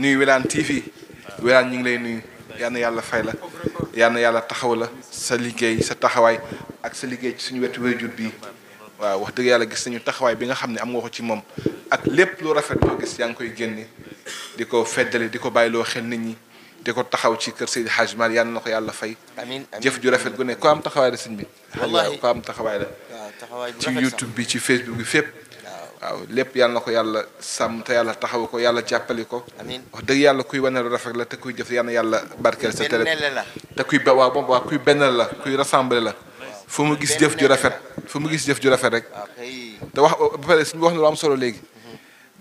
nuyu Wilane TV Wilane ñu ngi lay nuyu yal na yàlla fay la yal na yàlla taxaw la sa liggéey sa taxawaay ak sa liggéey ci suñu wetu wéyjur bii waaw wax dëgg yàlla gis nañu taxawaay bi nga xam ne am nga ko ci moom ak lépp lu rafet loo gis yaa ngi koy génne di ko feddale di ko bàyyiloo xel nit ñi di ko taxaw ci kër Seydi Hadj Mal yal na ko yàlla fay. amiin jëf ju rafet gu ne ko am taxawaay la sëñ bi. wallaahi ko am taxawaay la. ci YouTube bi ci Facebook bi fépp. waaw lépp yàlla na ko yàlla sàmm te yàlla taxaw ko yàlla jàppali ko. wax dëgg yàlla kuy wane lu rafet la te kuy jëf yàlla yàlla barkeel sa télé te kuy ba waaw waaw kuy benn la kuy rassemblé la. fu mu gis jëf ju rafet fu mu gis jëf ju rafet rek. Ah, te wax ba pare suñu wax na lu am solo léegi.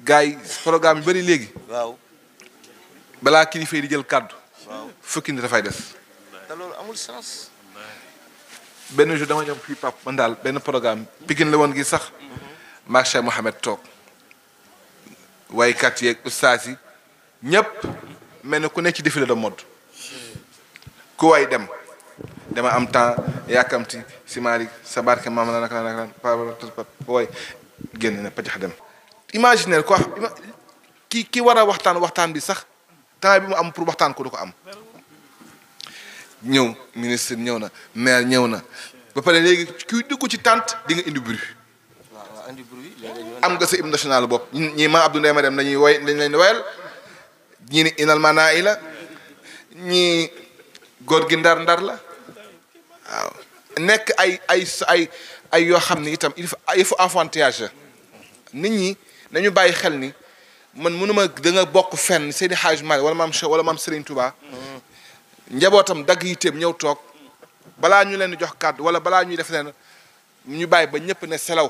gars yi programme yu bari léegi. waaw balaa kilifa yi di jël kàddu. fukki nit dafay des. loolu amul sens. benn jour dama ñëw fii Pape man daal benn programme Pikine la woon gi sax. maag Cheikh Mouhamed toog waykat yeeg ustaas yi ñépp mel ni ku nekk ci défilé de mode ku way dem dama am temps yàkkamti si Malick sa barke maam la naka la naka la way génn na pajax dem imaginaire ko ki ki war a waxtaan waxtaan bi sax temps bi mu am pour waxtaan ko du ko am ñëw ministre ñëw na maire ñëw na ba pare léegi kuy dugg ci tànt di nga indi bruit am nga sa hymne national bopp ñii ma Abdou Ndeye Mariam lañuy woy lañ leen woyal ñii ni inal maanaa la ñii góor gi ndar ndar la nekk ay ay ay yoo xam ni itam il faut il faut nit ñi nañu bàyyi xel ni man mënuma da nga bokk fenn seeni Hadj Malick wala maam Cheikh wala maam Serigne Touba njabootam dagg yitteem ñëw toog balaa ñu leen di jox kàddu wala balaa ñuy def leen ñu bàyyi ba ñëpp ne selaw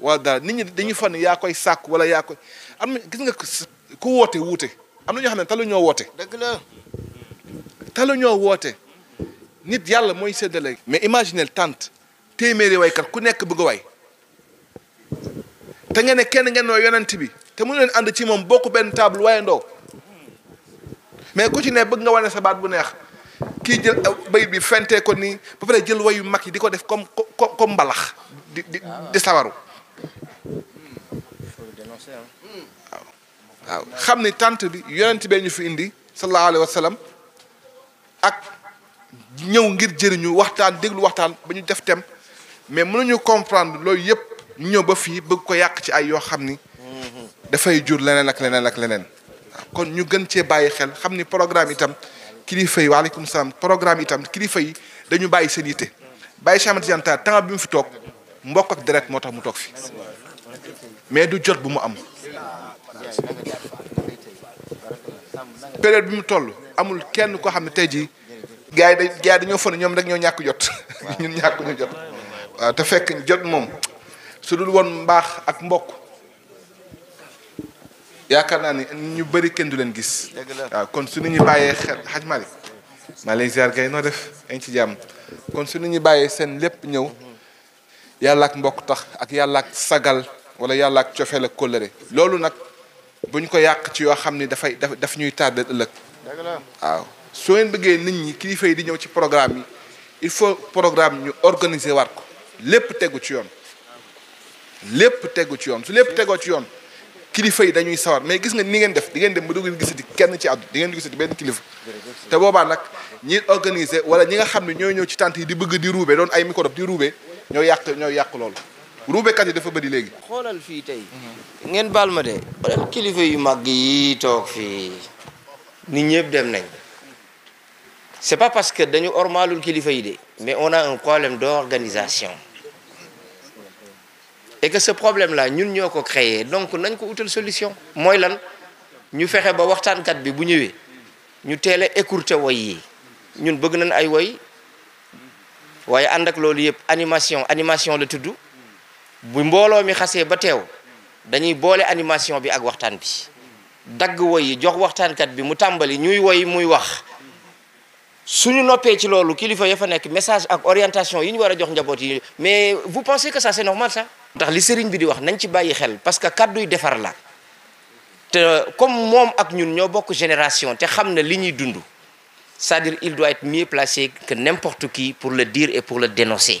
wala daal nit ñi dañuy fan yaa koy sàkk wala yaa koy am na gis nga ku woote wuute am na ñoo xam ne talu ñoo woote. dëgg la talu ñoo woote nit yàlla mooy séddale. mais imagine tante téeméeri waykat ku nekk bëgg a way te ngeen ne kenn ngeen noo yonent bi te mu leen ànd ci moom bokk benn table waaye ndoo mais ku ci ne bëgg nga wane sa baat bu neex kii jël bay bi fentee ko nii ba pare jël wayu mag yi di ko def comme comme mbalax di di sawaru. waaw xam ni tànt bi yonent bee ñu fi indi sallallahu alayhi wa ak ñëw ngir jëriñu waxtaan déglu waxtaan ba ñu def tem mais mënuñu comprendre loolu yëpp ñëw ba fii bëgg ko yàq ci ay yoo xam ni dafay jur leneen ak leneen ak leneen kon ñu gën cee bàyyi xel xam ni programme itam kilifa yi waaleykum salaam programme itam kilifa yi dañu bàyyi seen yitte bàyyi Cheikh Ahmed Tidiane bi mu fi toog mbokk ak deret moo tax mu toog fi mais du jot bu mu am période bi mu toll amul kenn koo xam ne tey jii gars yi da gars dañoo fon ñoom rek ñoo ñàkk jot ñun ñàkk ñu jot waaw te fekk jot moom su dul woon mbaax ak mbokk yaakaar naa ni ñu bari kenn du leen gis waaw kon su nit ñi bàyyee xel xaj Malick maa lay gay noo def yaa ci jàmm kon su nit ñi bàyyee seen lépp ñëw yàlla ak mbokk tax ak yàlla ak sagal wala yàlla ak cofeel ak kóllëre loolu nag bu ñu ko yàq ci yoo xam ni dafay daf daf ñuy tardé ëllëg waaw soo leen bëggee nit ñi kilifa yi di ñëw ci programme yi il faut programme ñu organiser waat ko lépp tegu ci yoon lépp tegu ci yoon su lépp tegoo ci yoon kilifa yi dañuy sawar mais gis nga ni ngeen def di ngeen dem ba dugg gisati kenn ci àddu di ngeen gisati benn kilifa te boobaa nag ñi organiser wala ñi nga xam ne ñooy ñëw ci tànt yi di bëgg di ruube doon ay microbe di ñoo yàq ñoo yàq ruubekat yi dafa bëri léegi. xoolal fii tey. ngeen baal ma de xoolal kilifa yu mag yi tok fi ni ñepp dem nañ. c'est pas parce que dañu hormalul kilifa yi de mais on a un problème d'organisation et que ce problème là ñun ñoko ko créé donc nañ ko utal solution. moy lan ñu fexé ba waxtan kat bi bu ñëwee ñu télé a écourté woy yi ñun bëgg nañ ay woy waaye ànd ak loolu yëpp animation animation la tudd bu mbolo mi xasse ba tew dañuy bolé animation bi ak waxtan bi dagg woy jox waxtan kat bi mu tambali ñuy woy muy wax suñu noppé ci lolu kilifa ya fa nek message ak orientation yi ñu wara jox njabot yi mais vous pensez que ça c'est normal ça ndax li sëriñ bi di wax nañ ci bayyi xel parce que kàdduy defar la té comme mom ak ñun ño bokk génération te xamna li ñuy dund c'est-à-dire il doit être mieux placé que n'importe qui pour le dire et pour le dénoncer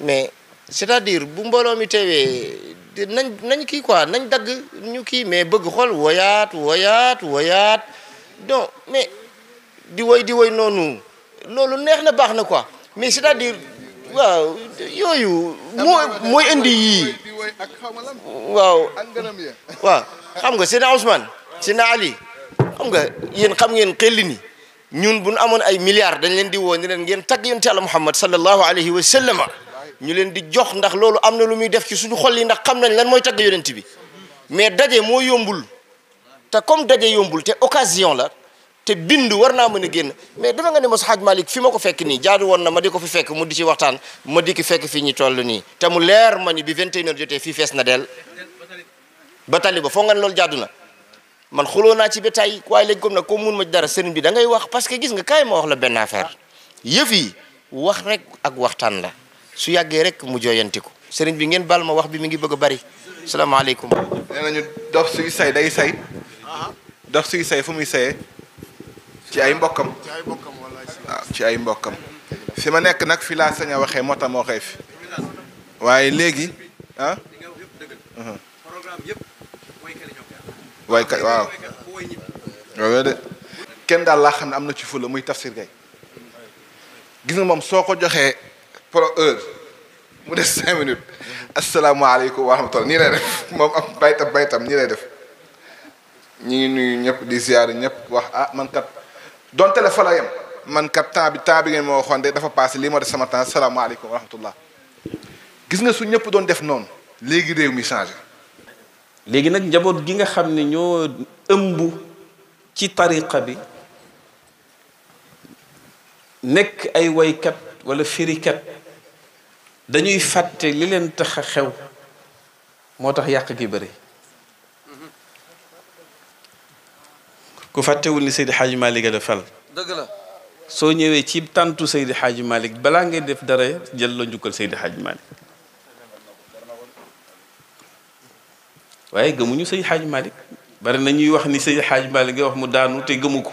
mais c'est-à-dire bu mbooloo mi teewee nañ nañ kii quoi nañ dagg ñu kii mais bëgg xool woyaat woyaat woyaat donc mais di woy di woy noonu loolu neex na baax na quoi mais c'est-à-dire waaw yooyu moo mooy indi yii waaw waaw xam nga Seydina Ousmane Seydina Ali xam nga yéen xam ngeen xelli ni ñun bu ñu amoon ay milliards dañ leen di woo ni leen ngeen tagg yonent Yàlla Muhammad sallallahu alayhi wa sallama ñu leen di jox ndax loolu am na lu muy def ci suñu xol yi ndax xam nañ lan mooy tagg yonent bi mais daje moo yombul te comme daje yombul te occasion la te bindu war naa mën a génn mais dafa nga ne mos xaaj Malick fi ma ko fekk nii jaadu woon na ma di ko fi fekk mu di waxtaan ma di ki fekk fii ñu toll nii te mu leer ma ni bi 21h fii fees na del ba tali ba foo nga loolu jaadu na man xuloo naa ci ba tey waaye léegi comme nag mun ma dara seen bi dangay wax parce que gis nga kaay ma wax la benn affaire yëf wax rek ak waxtaan la. su yàggee rek mu jooyantiku sëriñ bi ngeen baal ma wax bi mu ngi bëgg a bari salaamaaleykum. nee nañu dox suy say day say dox suy say fu muy sayee ci ay mbokkam waaw ah, ci ay mbokkam fi ma nekk nag fi laa sañ a waxee moo tax ma waxee fi waaye léegi ah. waykat waaw waaw de kenn daal laa xam ne am na ci fula muy Tafsir Gaye gis nga moom soo ko joxee. pour heure mu des cinq minutes asalaamaaleykum wa rahmatulah nii lay def moom am baytam baytam nii lay def ñu ngi nuyu ñëpp di ziar ñëpp wax ah man kat donte la fa la yem man kat temps bi temps bi ngeen ma waxoon de dafa passé lii ma def sama temps salaamaaleykum wa rahmatullah gis nga su ñëpp doon def noonu léegi réew mi changé. léegi nag njaboot gi nga xam ne ñoo ëmb ci tariqa bi nekk ay waykat wala firikat dañuy fàtte li leen tax a xew moo tax yàq gi bëri ku fàttewul ni Seydi Xaaji Malick la fal dëgg la soo ñëwee ci tàntu Seydi Xaaji Malick balaa ngay def dara jël la njukkal Seydi Xaaji Malick waaye gëmuñu Seydi Xaaji Malick bari nañuy wax ni Seydi Xaaji Malick nga wax mu daanu te gëmu ko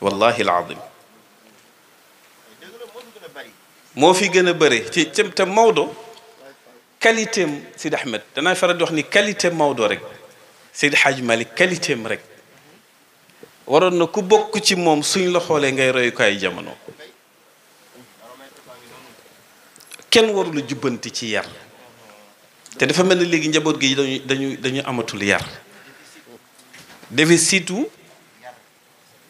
wallahi alazim moo fi gën a bëri ci ci te Maodo qualité am Sidi Ahmed danaa faral di wax ni qualité Maodo rek Sidi Hadj Malick qualité am rek waroon na ku bokk ci moom suñ la xoolee ngay royukaayu jamono kenn warul jubbanti ci yar te dafa mel ni léegi njaboot gi dañu dañu dañu amatul yar defe surtout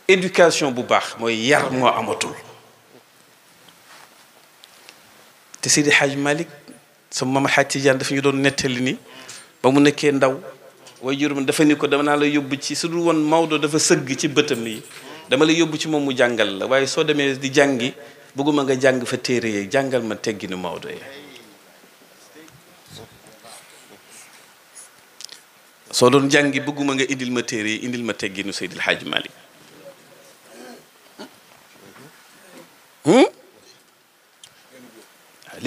éducation bu baax mooy yar moo amatul te Seydi xaaj malik sama mama Hadj Tidiane dafa ñu doon nettali ni ba mu nekkee ndaw way juróom dafa ni ko dama naa la yóbbu ci su dul woon Maodo dafa sëgg ci bëtam yi dama la yóbbu ci moom mu jàngal la waaye soo demee di jàngi bëgguma nga jàng fa téere yi jàngal ma tegginu mawdo yi soo doon jàngi bëgguma nga indil ma téere yi indil ma tegginu Seydil Hadj Malick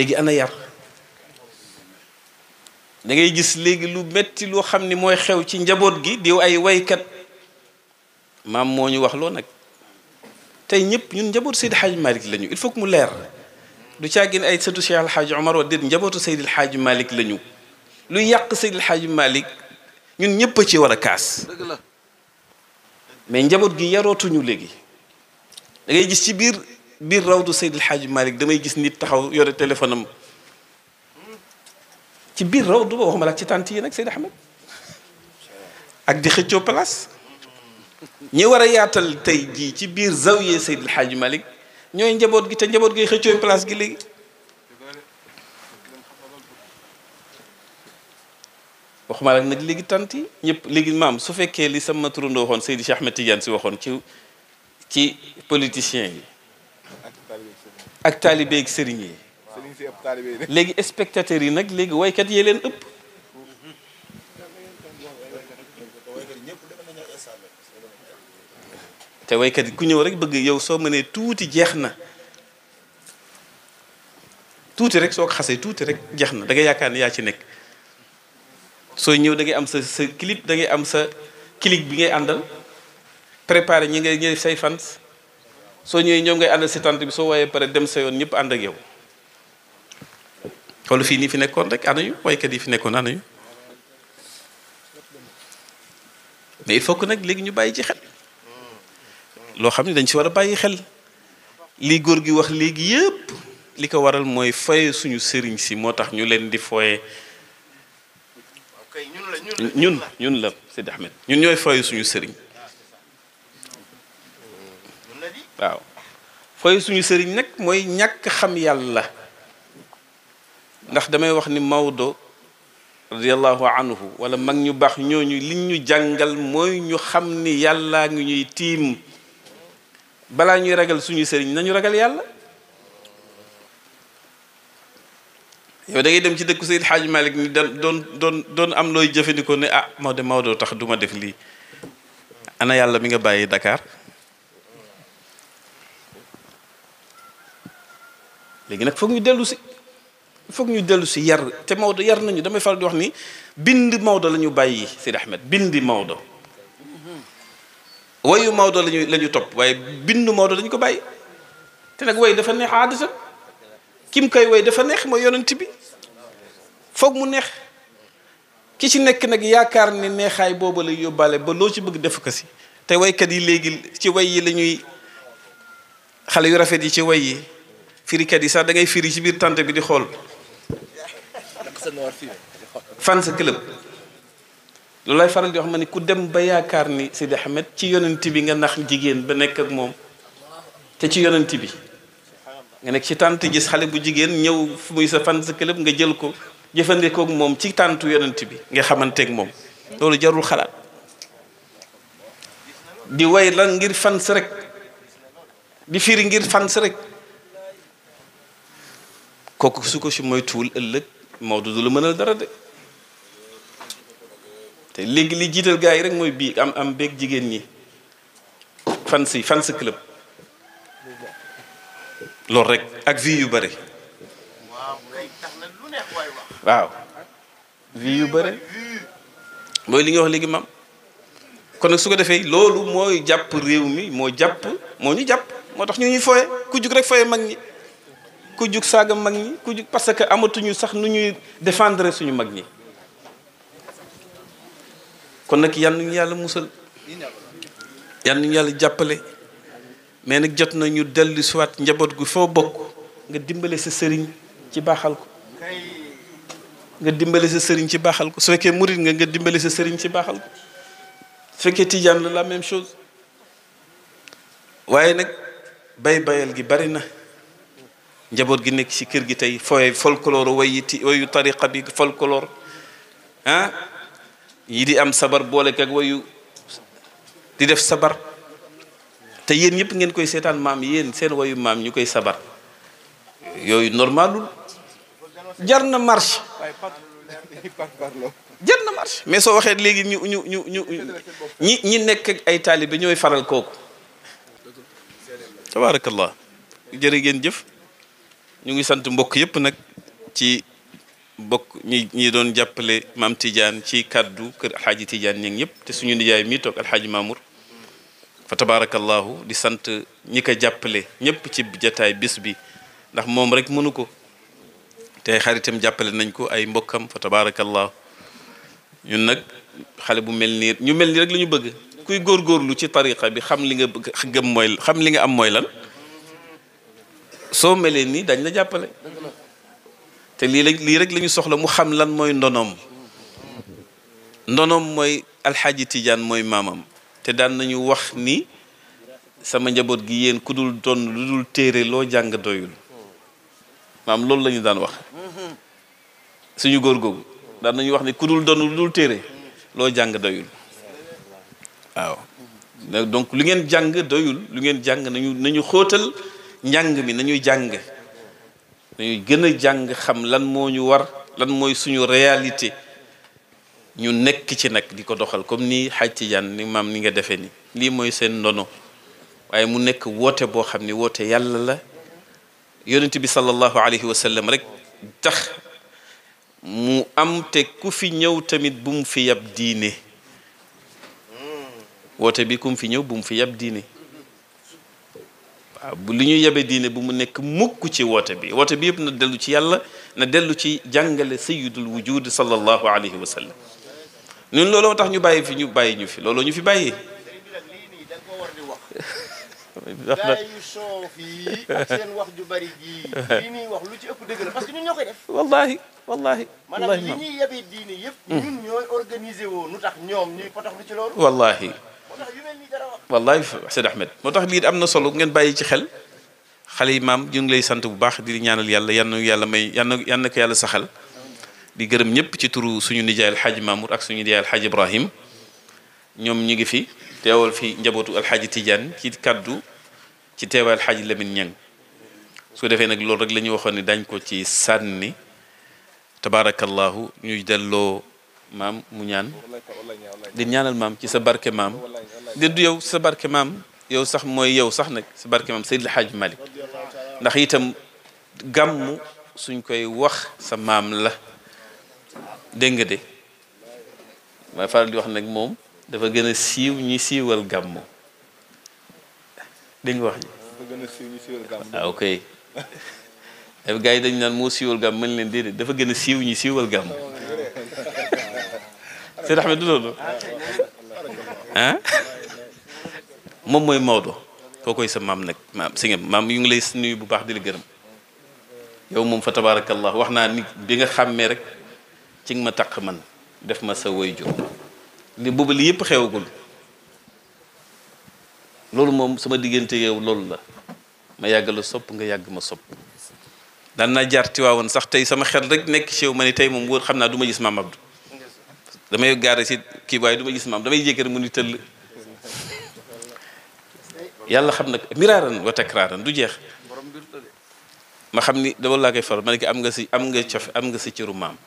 léegi ana yar da ngay gis léegi lu metti loo xam ni mooy xew ci njaboot gi diw ay waykat maam moo ñu wax loo nag tey ñëpp ñun njaboot Seydi Hadj Malick lañu il faut que mu leer du càggin ay sëtu Cheikh Al Hadj Omar wa déet njabootu Seydi Hadj Malick lañu lu yàq Seydi Hadj Malick ñun ñëpp a ci war a kaas mais njaboot gi yarootuñu léegi da ngay gis ci biir. biir rawdu Seydi El Hadji Malick damay gis nit taxaw yore téléphone am ci biir rawdu ba waxuma la ci tànt yi nag Seydi Ahmed ak di xëccoo place ñi war a yaatal tey jii ci biir zawiye Seydi El Hadji Malick ñooy njaboot gi te njaboot gi xëccoo place gi léegi waxuma la nag léegi tant yi ñëpp léegi maam su fekkee li sama turandoo waxoon Seydi Cheikh Ahmed Tidiane si waxoon ci ci politiciens yi ak taalibe ak sëriñ yi léegi spectateurs yi nag léegi waykat yee leen ëpp te waykat yi ku ñëw rek bëgg yow soo mënee tuuti jeex na tuuti rek soo ko xasee tuuti rek jeex na danga yaakaar ne yaa ci nekk soo ñëw dangay am sa sa clip da am sa clip bi ngay àndal préparé ñi ngay ngay say fans soo ñëwee ñoom ngay ànd si tante bi soo woyee pare dem sa yoon ñëpp ànd ak yow xool fii nii fi nekkoon rek ana yu woykat yi fi nekkoon ana yu mais il faut nag léegi ñu bàyyi ci xel loo xam ne dañ si war a bàyyi xel lii góor gi wax léegi yëpp li ko waral mooy foye suñu sëriñ si moo tax ñu leen di foye ñun ñun la Sidi Ahmed ñun ñooy foye suñu sëriñ waaw fooy suñu sëriñ nag mooy ñàkk xam yàlla ndax damay wax ni Maodo radiallahu anhu wala mag ñu baax ñooñu liñ ñu jàngal mooy ñu xam ni yàlla ngi ñuy tiim balaa ñuy ragal suñu sëriñ nañu ragal yàlla yow da dem ci dëkku Seyd Xaaj Malik ni doon doon doon am looy jëfandikoo ne ah Maodo Maodo tax duma def lii ana yàlla mi nga bàyyi dakaar légui nak foog ñu dellu ci foog ñu dellu ci yar te Maodo yar nañu damay fal di wax ni bind Maodo lañu bàyyi Sidi Ahmed bind Maodo wayu Maodo lañu lañu top waye bind bindu dañ ko bàyyi te nak way dafa neex hadisa kim kay way dafa neex mo yonent bi foog mu neex ki ci nek nak yaakar ni neexay bobu lay yobale ba lo ci bëgg def ko si te kat yi légui ci way yi lañuy xale yu rafet yi ci way yi Firika yi sax da ngay firi ci biir tante bi di xool fan sa club lu lay faral di wax ma ni ku dem ba yaakaar ni Sidi Ahmed ci yonent bi nga nax jigéen ba nekk ak moom te ci yonent bi nga nekk ci tante gis xale bu jigéen ñëw muy sa fan sa club nga jël ko jëfandikoo ak moom ci tante yonent bi nga ak moom loolu jarul xalaat di way lan ngir fans rek di firi ngir fans rek kooku su ko mooy tuul ëllëg Maodo du la mënal dara de te léegi li jiital gars yi rek mooy bii am am beeg jigéen ñi fans yi fans club loolu rek ak vie yu bare waaw vie yu bare mooy li nga wax léegi maam kon nag su ko defee loolu mooy jàpp réew mi moo jàpp moo tax ñu ñuy foye ku rek foye mag ñi ku jug saaga mag ñi ku parce que amatuñu sax nu ñuy défendre suñu mag ñi kon nag yal nañu yàlla musal yal nañu yàlla jàppale mais nag jot na ñu dellu siwaat njaboot gu foo bokk nga dimbale sa sëriñ ci baaxal ko nga dimbale sa sëriñ ci baaxal ko su fekkee murit nga nga dimbale sa sëriñ ci baaxal ko su fekkee tijaan la la même chose waaye nag bay bayal gi bari na njaboot gi nekk ci kër gi tey fooy folklore wayu ti wayu tariqa bi folklore ah yi di am sabar boole ak wayu di def sabar te yéen yëpp ngeen koy seetaan maam yéen seen wayu maam ñu koy sabar yooyu normalul jar na marche jar mais soo waxee léegi ñu ñu ñu ñu ñi ñi nekk ak ay taalibe ñooy faral kooku tabarakallah jërë ngeen jëf ñu ngi sant mbokk yëpp nag ci mbokk ñi ñi doon jàppale maam tiijaan ci kaddu kër alxaaji Tidiane ñi ngi yëpp te suñu nijaay mi toog alxaaji Mamour fa tabarakallahu di sant ñi ko jàppale ñëpp ci jataay bis bi ndax moom rek mënu ko te xaritam jàppale nañ ko ay mbokkam fa tabarakallahu ñun nag xale bu mel nii ñu mel nii rek la ñu bëgg kuy góor góorgóorlu ci tariqa bi xam li nga bëgg xam li nga am mooy lan soo melee nii dañ la jàppale te lii la lii rek la ñu soxla mu xam lan mooy ndonoom ndonoom mooy alxaaji Tijaan mooy maamam te daan nañu wax ni sama njaboot gi yéen ku dul don lu dul téere loo jàng doyul loolu la daan wax góor googu daan nañu wax ni ku dul doon téere loo jàng doyul waaw donc lu ngeen jàng doyul lu ngeen jàng nañu nañu xóotal njàng mi nañuy jàng nañuy gën a jàng xam lan moo ñu war lan mooy suñu réalité ñu nekk ci nag di ko doxal comme ni xaj Tijaan ni maam ni nga defee ni lii mooy seen ndono waaye mu nekk woote boo xam ni woote yàlla la yonent bi sallallahu alayhi wa sallam rek tax mu am te ku fi ñëw tamit bu mu fi yab diine woote bi ku mu fi ñëw bu mu fi yab diine waaw li ñuy yebe diine bu mu nekk mukk ci woote bi woote bi yëpp na dellu ci yàlla na dellu ci jàngale sayidul wujud sallallahu alayhi wa sallam ñun looloo tax ñu bàyyi fi ñu bàyyi ñu fi looloo ñu fi bàyyi gaa yu soow fii ak seen wax ju bari ji li ñuy wax lu ci ëpp dëgg la parce que ñun ñoo koy def wallahi wallahi maanaam li ñuy yebe diine yëpp ñun ñooy organiser woo nu tax ñoom ñuy potax lu ci loolu wallahi wallahi Seydi Ahmed motax tax bayi Khalimam solo ngeen bayyi ci xel xali yi ñu ngi lay sant bu baax di ñaanal yalla yannu yalla may yannu yann ko yalla saxal di gërëm ñëpp ci turu suñu nijaay Mamour ak suñu nijaay haji Ibrahim ñom ñi ngi fi teewal fi Al Hajj Tidiane ci kaddu ci al alxaaji Lamine ñang su defé nak lool rek lañu waxone dañ ko ci sanni tabarakallah ñu مام مونيان دي نيانال مام سي سباركه مام دي دو يو سباركه مام يو صاح موي يو صاح نك سباركه مام سيد الحاج مالك ناخ ييتام غام سون كاي واخ سا مام لا دنگ دي ما فال دي واخ نك موم دا فا گنا سيو ني سيوال غام دنگ واخ اوكي اف غاي دنج نان مو سيوال غام ملن دي دا فا گنا سيو ني سيوال غام Seydi Ahmed du loolu ah moom mooy Maodo koo koy sa maam nag maam si nga maam yu ngi lay nuyu bu baax di la gërëm yow moom fa tabaarakallah wax naa ni bi nga xàmmee rek ci nga ma taq man def ma sa waajur li boobu li yëpp xewagul loolu moom sama diggante yow loolu la ma yàgg la sopp nga yàgg ma sopp daan naa jaar Tiwaawan sax tey sama xel rek nekk ci yow ma ne tey moom wóor xam naa du ma gis maam Abdou damay gaare si kii waaye du ma gis mam damay jéker mu ni tëll yàlla xam nak miraran wa takraran du jeex ma xamni dama la kay faral man ki am nga ci am nga ci am nga ci ci ru mam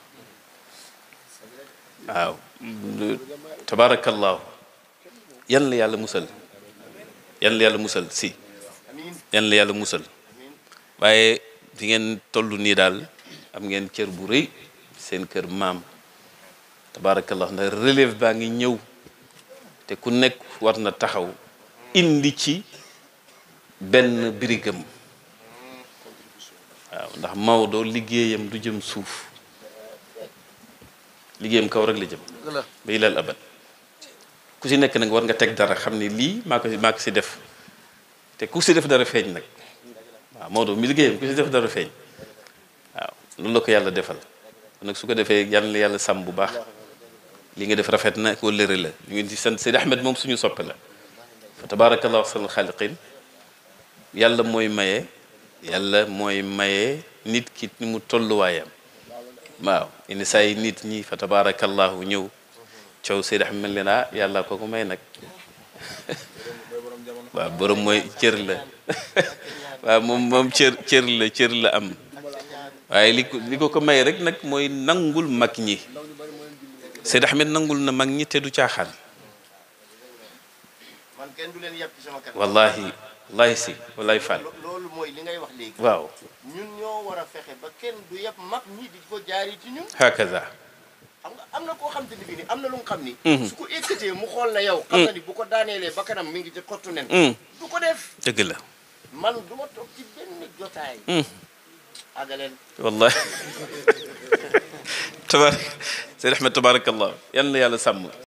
aw tabarakallah yan la yàlla musal yan la yàlla musal si yan la yàlla musal waye di ngeen tollu ni dal am ngeen cër bu reuy seen kër mam tabaarakallah ndax relève baa ngi ñëw te ku nekk war na taxaw indi ci benn birigam waaw ndax Maodo liggéeyam du jëm suuf liggéeyam kaw rek la jëm ba ilal abad ku si nekk nag war nga teg dara xam ne lii maa ko si def te ku si def dara feeñ nag waaw Maodo mi liggéeyam ku si def dara feeñ waaw loolu la ko yàlla defal nag su ko defee yàlla yàlla sàmm bu baax li nga def rafet na kóllëre la ñu ngi di sant Seydi Ahmed moom suñu soppe la fa tabaarakallahu ahsanul xaaliqiin yàlla mooy maye yàlla mooy maye nit ki ni mu tolluwaayam waaw indi saa yi nit ñi fa tabaarakallahu ñëw coow Seydi Ahmed leen ah yàlla kooku may nag waaw borom mooy cër la waaw moom moom cër cër la cër la am waaye li ko li ko ko may rek nag mooy nangul mag ñi Seyd Ahmed nangul na mag ñi te du caaxaan wallahi wallahi si wallahi fàll loolu mooy li ngay wax léegi waaw ñun ñoo war a fexe ba kenn du yëpp mag ñi di ko jaari ci ñun hakaza am na koo xam te ni bii ni am na lu nga xam ni mhm. su ko ékkatee mu xool na yow xam na ni bu ko daaneelee ba kanam mi ngi ci xottu nen mhm. du ko def dëgg la man du ma toog ci benn jotaay mhm. تبارك سيد احمد تبارك الله يلا يلا سمو